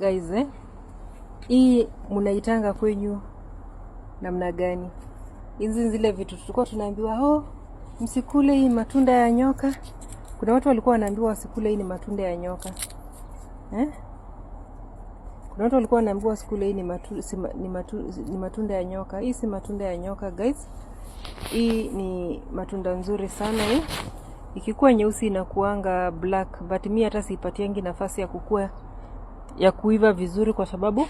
guys eh? Hii mnaitanga kwenyu namna gani? Hizi zile vitu tulikuwa tunaambiwa oh, msikule hii matunda ya nyoka. Kuna watu walikuwa wanaambiwa wasikule hii ni matunda ya nyoka eh? Kuna watu walikuwa wanaambiwa wasikule hii ni, matu, si, ni, matu, ni matunda ya nyoka. Hii si matunda ya nyoka guys, hii ni matunda nzuri sana hii. Eh? Ikikuwa nyeusi inakuanga black, but mi hata siipatiangi nafasi ya kukua ya kuiva vizuri, kwa sababu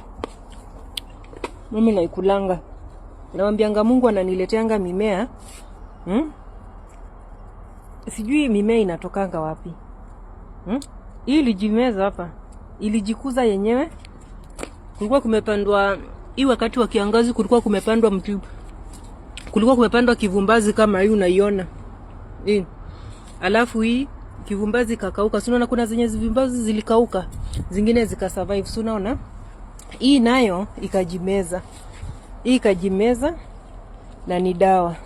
mimi naikulanga, nawambianga Mungu ananileteanga mimea hmm? Sijui mimea inatokanga wapi hmm? Hii ilijimeza hapa, ilijikuza yenyewe. Kulikuwa kumepandwa hii, wakati wa kiangazi kulikuwa kumepandwa mti, kulikuwa kumepandwa kivumbazi kama hii unaiona hii, alafu hii kivumbazi kakauka, si unaona kuna zenye vivumbazi zilikauka, zingine zikasurvive, si unaona hii nayo ikajimeza, hii ikajimeza, na ni dawa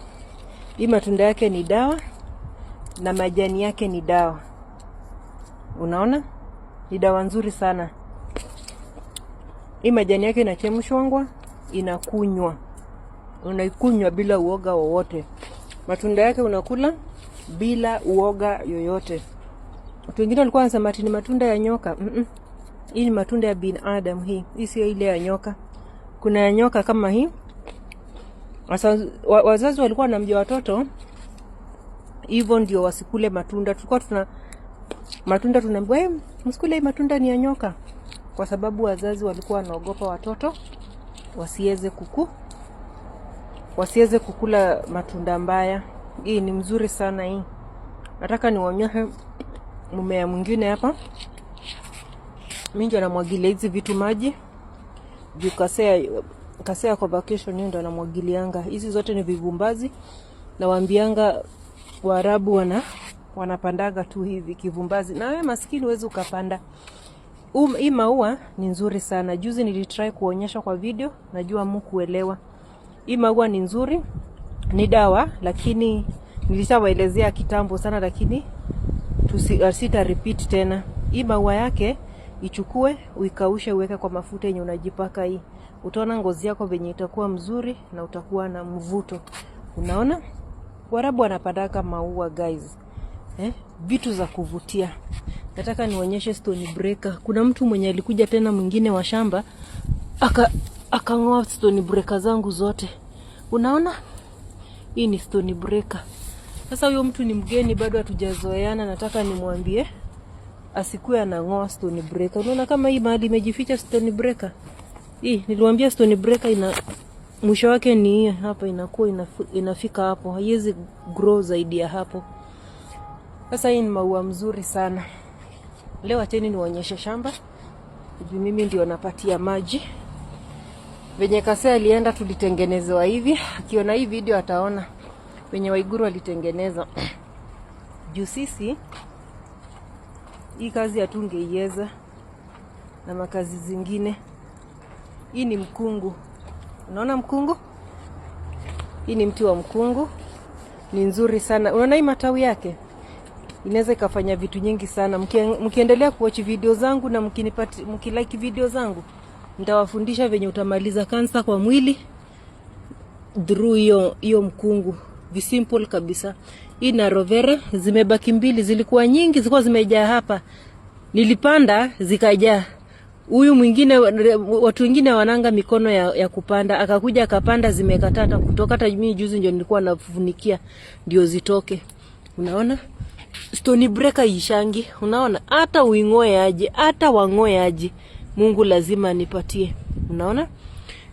hii. Matunda yake ni dawa na majani yake ni dawa. Unaona, ni dawa nzuri sana hii. Majani yake inachemshwangwa, inakunywa, unaikunywa bila uoga wowote. Matunda yake unakula bila uoga yoyote. Watu wengine walikuwa wanasema ati ni matunda ya nyoka. Mm -mm. Hii ni matunda ya binadamu hii. Hii sio ile ya nyoka. Kuna ya nyoka kama hii. Asa, wazazi walikuwa wanaambia watoto hivyo ndio wasikule matunda. Tulikuwa tuna matunda tunaambiwa, hey, msikule hii matunda ni ya nyoka, kwa sababu wazazi walikuwa wanaogopa watoto wasiweze kuku wasiweze kukula matunda mbaya hii ni mzuri sana hii. Nataka niwaonyeshe mmea mwingine hapa. Mingi namwagilia hizi vitu maji juu kasea, kasea kwa vacation ndio ndo anamwagilianga hizi zote ni vivumbazi, na waambianga Waarabu wana wanapandaga tu hivi kivumbazi, na wewe maskini uwezi ukapanda. Um, hii maua ni nzuri sana. Juzi nilitry kuonyesha kwa video, najua mkuelewa. Hii maua ni nzuri ni dawa, lakini nilishawaelezea kitambo sana, lakini uh, sita repeat tena. Hii maua yake ichukue, uikaushe, uweke kwa mafuta yenye unajipaka hii, utaona ngozi yako venye itakuwa mzuri na utakuwa na mvuto. Unaona, Warabu wanapandaka maua guys, eh, vitu za kuvutia. Nataka nionyeshe stone breaker. Kuna mtu mwenye alikuja tena mwingine wa shamba aka stone breaker zangu zote, unaona. Hii ni stone breaker. Sasa huyo mtu ni mgeni, bado hatujazoeana. Nataka nimwambie asikue anang'oa stone breaker. Unaona kama hii mahali imejificha stone breaker hii. Niliwaambia stone breaker ina mwisho wake ni hii hapa, inakuwa inafika hapo, haiwezi grow zaidi ya hapo. Sasa hii ni maua mzuri sana. Leo acheni niwaonyeshe shamba juu mimi ndio napatia maji venye Kase alienda tulitengenezewa hivi. Akiona hii video ataona venye Waiguru alitengeneza juu sisi hii kazi hatungeiweza na makazi zingine. Hii ni mkungu, unaona mkungu, hii ni mti wa mkungu, ni nzuri sana. Unaona hii matawi yake inaweza ikafanya vitu nyingi sana. Mkiendelea kuwatch video zangu na mkinipati, mkilike video zangu Nitawafundisha venye utamaliza kansa kwa mwili through hiyo hiyo mkungu. Ni simple kabisa. Hii na rovera zimebaki mbili, zilikuwa nyingi, zilikuwa zimejaa hapa. Nilipanda zikajaa. Huyu mwingine, watu wengine wananga mikono ya, ya kupanda, akakuja akapanda, zimekatata kutoka. Hata mimi juzi ndio nilikuwa nafunikia ndio zitoke. Unaona? Stone breaker ishangi. Unaona? Hata uingoe aje, hata wangoe aje. Mungu lazima anipatie. Unaona,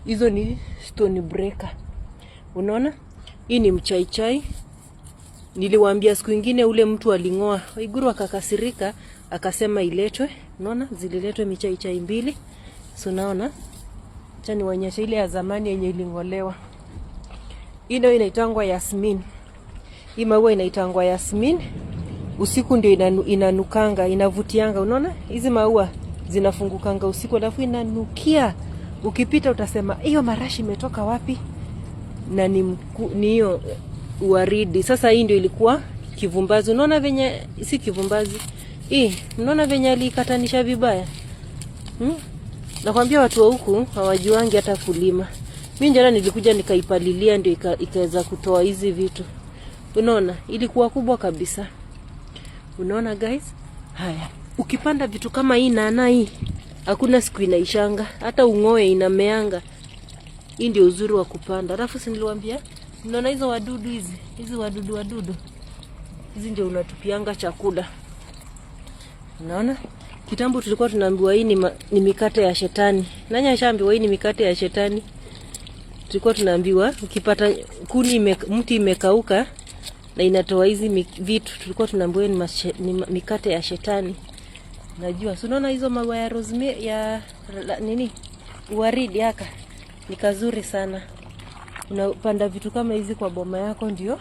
hizo ni stone breaker. Unaona, hii ni mchaichai. Niliwaambia siku ingine, ule mtu aling'oa, Waiguru akakasirika akasema iletwe. Unaona, zililetwe michaichai mbili. So naona cha niwaonyeshe ile ya zamani yenye iling'olewa. Hii ndio inaitangwa Yasmin. Hii maua inaitangwa Yasmin. Usiku ndio inanukanga, inavutianga. Unaona hizi maua zinafungukanga usiku, alafu inanukia, ukipita utasema hiyo marashi imetoka wapi? Na ni hiyo eh, waridi. Sasa hii ndio ilikuwa kivumbazi. Unaona venye si kivumbazi hii, unaona venye alikatanisha vibaya hmm? Nakwambia watu wa huku hawajuangi hata kulima. mi njana nilikuja nikaipalilia, ndio ikaweza kutoa hizi vitu. Unaona ilikuwa kubwa kabisa. Unaona guys, haya ukipanda vitu kama hii nana hii hakuna siku inaishanga, hata ung'oe inameanga. Hii ndio uzuri wa kupanda. Alafu si niliwaambia, mnaona hizo wadudu hizi, hizi wadudu wadudu hizi ndio unatupianga chakula. Unaona, kitambo tulikuwa tunaambiwa hii ni, ma, ni mikate ya shetani. Nani ashaambiwa hii ni mikate ya shetani? Tulikuwa tunaambiwa ukipata kuni ime, mti imekauka na inatoa hizi vitu, tulikuwa tunaambiwa ni, ni mikate ya shetani najua. Si unaona hizo maua ya rosemary ya la, nini waridi haka ni kazuri sana. Unapanda vitu kama hizi kwa boma yako, ndio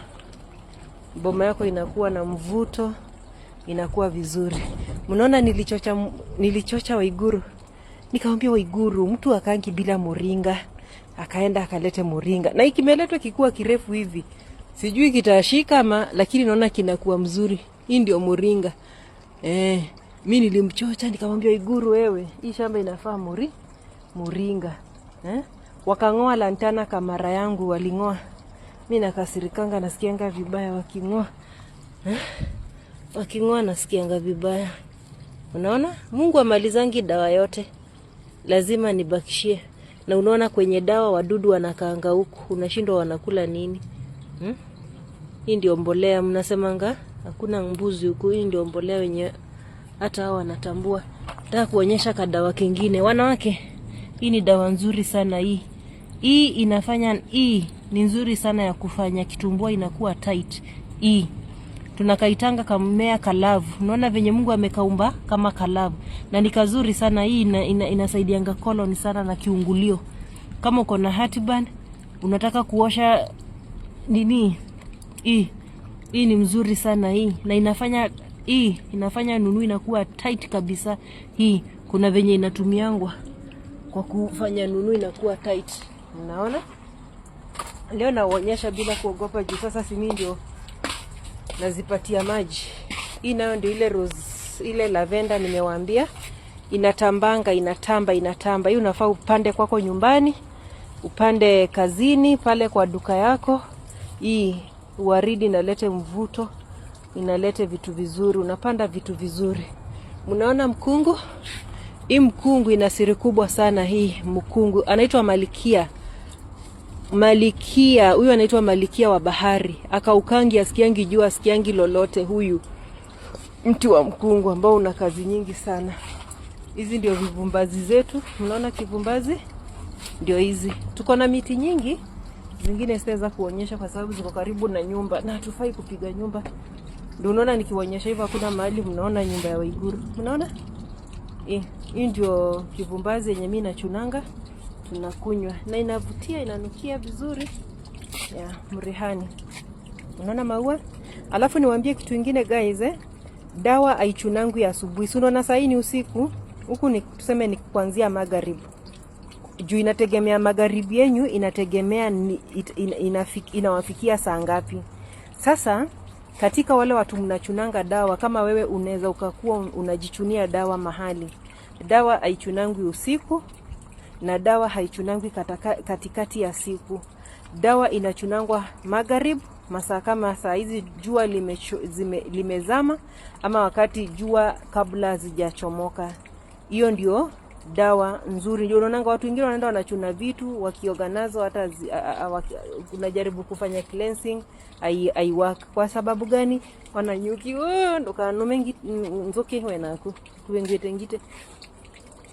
boma yako inakuwa na mvuto, inakuwa vizuri. Mnaona nilichocha, nilichocha Waiguru nikamwambia Waiguru, mtu akangi bila moringa, akaenda akalete moringa, na ikimeletwa kikuwa kirefu hivi sijui kitashika ama, lakini naona kinakuwa mzuri. Hii ndio moringa eh mi nilimchocha nikamwambia, Iguru wewe, hii shamba inafaa muri muringa eh? Wakang'oa lantana kamara yangu waling'oa, mi nakasirikanga, nasikianga vibaya waking'oa eh? Waking'oa nasikianga vibaya. Unaona, Mungu amalizangi dawa yote, lazima nibakishie. Na unaona kwenye dawa wadudu wanakaanga huku, unashindwa wanakula nini hmm? Hii ndio mbolea mnasemanga, hakuna mbuzi huku. Hii ndio mbolea wenye hata hao wanatambua. Nataka kuonyesha kadawa kingine. Wanawake, hii ni dawa nzuri sana hii. Hii inafanya hii ni nzuri sana ya kufanya kitumbua inakuwa tight. Hii tunakaitanga kama mmea kalavu. Unaona venye Mungu amekaumba kama kalavu, na ni kazuri sana hii. Ina, ina, inasaidianga colon sana na kiungulio. Kama uko na heartburn unataka kuosha nini, hii hii ni mzuri sana hii, na inafanya hii inafanya nunu inakuwa tight kabisa. Hii kuna venye inatumiangwa kwa kufanya nunu inakuwa tight. Unaona, leo nawaonyesha bila kuogopa juu sasa si mimi ndio nazipatia maji. Hii nayo ndio ile rose, ile lavenda nimewaambia inatambanga, inatamba, inatamba. Hii unafaa upande kwako nyumbani, upande kazini, pale kwa duka yako. Hii waridi nalete mvuto inalete vitu vizuri, unapanda vitu vizuri. Mnaona mkungu hii, mkungu ina siri kubwa sana hii. Mkungu anaitwa Malikia, Malikia huyu anaitwa Malikia wa bahari, akaukangi asikiangi jua, asikiangi lolote huyu mti wa mkungu ambao una kazi nyingi sana. Hizi ndio vivumbazi zetu, mnaona kivumbazi ndio hizi. Tuko na miti nyingi, zingine sitaweza kuonyesha kwa sababu ziko karibu na nyumba na hatufai kupiga nyumba. Ndio unaona nikiwaonyesha hivyo, hakuna mahali mnaona nyumba ya Waiguru. Mnaona eh, hii ndio kivumbazi yenye mimi nachunanga, tunakunywa na inavutia, inanukia vizuri ya mrihani. Unaona maua. Alafu niwaambie kitu kingine guys, eh, dawa aichunangu ya asubuhi, si unaona saa hii ni usiku huku, ni tuseme ni kuanzia magharibi juu inategemea magharibi yenyu, inategemea inawafikia saa ngapi sasa katika wale watu mnachunanga dawa, kama wewe unaweza ukakuwa unajichunia dawa mahali, dawa haichunangwi usiku na dawa haichunangwi katikati ya siku. Dawa inachunangwa magharibu masaa kama saa hizi jua lime, limezama ama wakati jua kabla zijachomoka Hiyo ndio dawa nzuri. Ndio unaonanga watu wengine wanaenda wanachuna vitu wakioga nazo, hata unajaribu kufanya cleansing ai work. Kwa sababu gani? wananyuki kanu mengi nzoke wenaku tengite,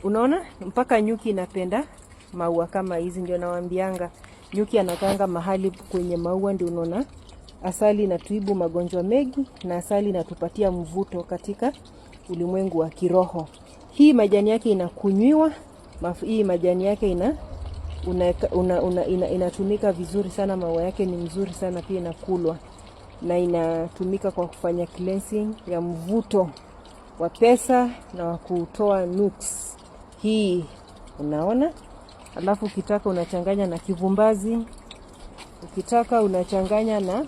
Unaona, mpaka nyuki inapenda maua kama hizi. Ndio nawambianga nyuki anakanga mahali kwenye maua, ndio unaona asali inatuibu magonjwa mengi, na asali inatupatia mvuto katika ulimwengu wa kiroho. Hii majani yake inakunywiwa, hii majani yake ina Una, una, una, ina, inatumika vizuri sana. Maua yake ni mzuri sana pia, inakulwa na inatumika kwa kufanya cleansing ya mvuto wa pesa na wa kutoa nuks. Hii unaona, alafu ukitaka unachanganya na kivumbazi, ukitaka unachanganya na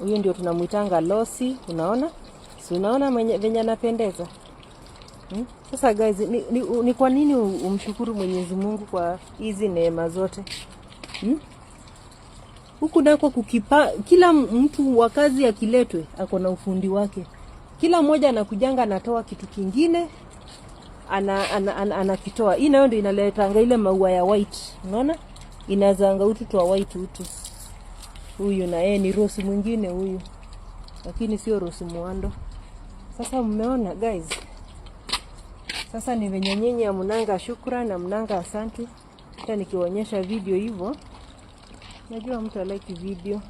huyu, ndio tunamwitanga losi. Unaona, si unaona venye anapendeza. Hmm? Sasa guys, ni, ni, ni kwa nini umshukuru Mwenyezi Mungu kwa hizi neema zote hmm? Huku nako kukipa, kila mtu wa kazi akiletwe ako na ufundi wake. Kila mmoja anakujanga anatoa kitu kingine anakitoa ana, ana, ana, ana hii nayo ndio inaletanga ile maua ya white, unaona inazanga utu twa white utu. Huyu na yeye ni rosi mwingine huyu, lakini sio rosi mwando. Sasa mmeona guys sasa ni venye nyinyi amnanga shukran na mnanga asanti. Hata nikiwaonyesha video hivyo, najua mtu alike video,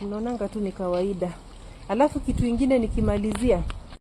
mnaonanga tu ni kawaida. Alafu kitu ingine nikimalizia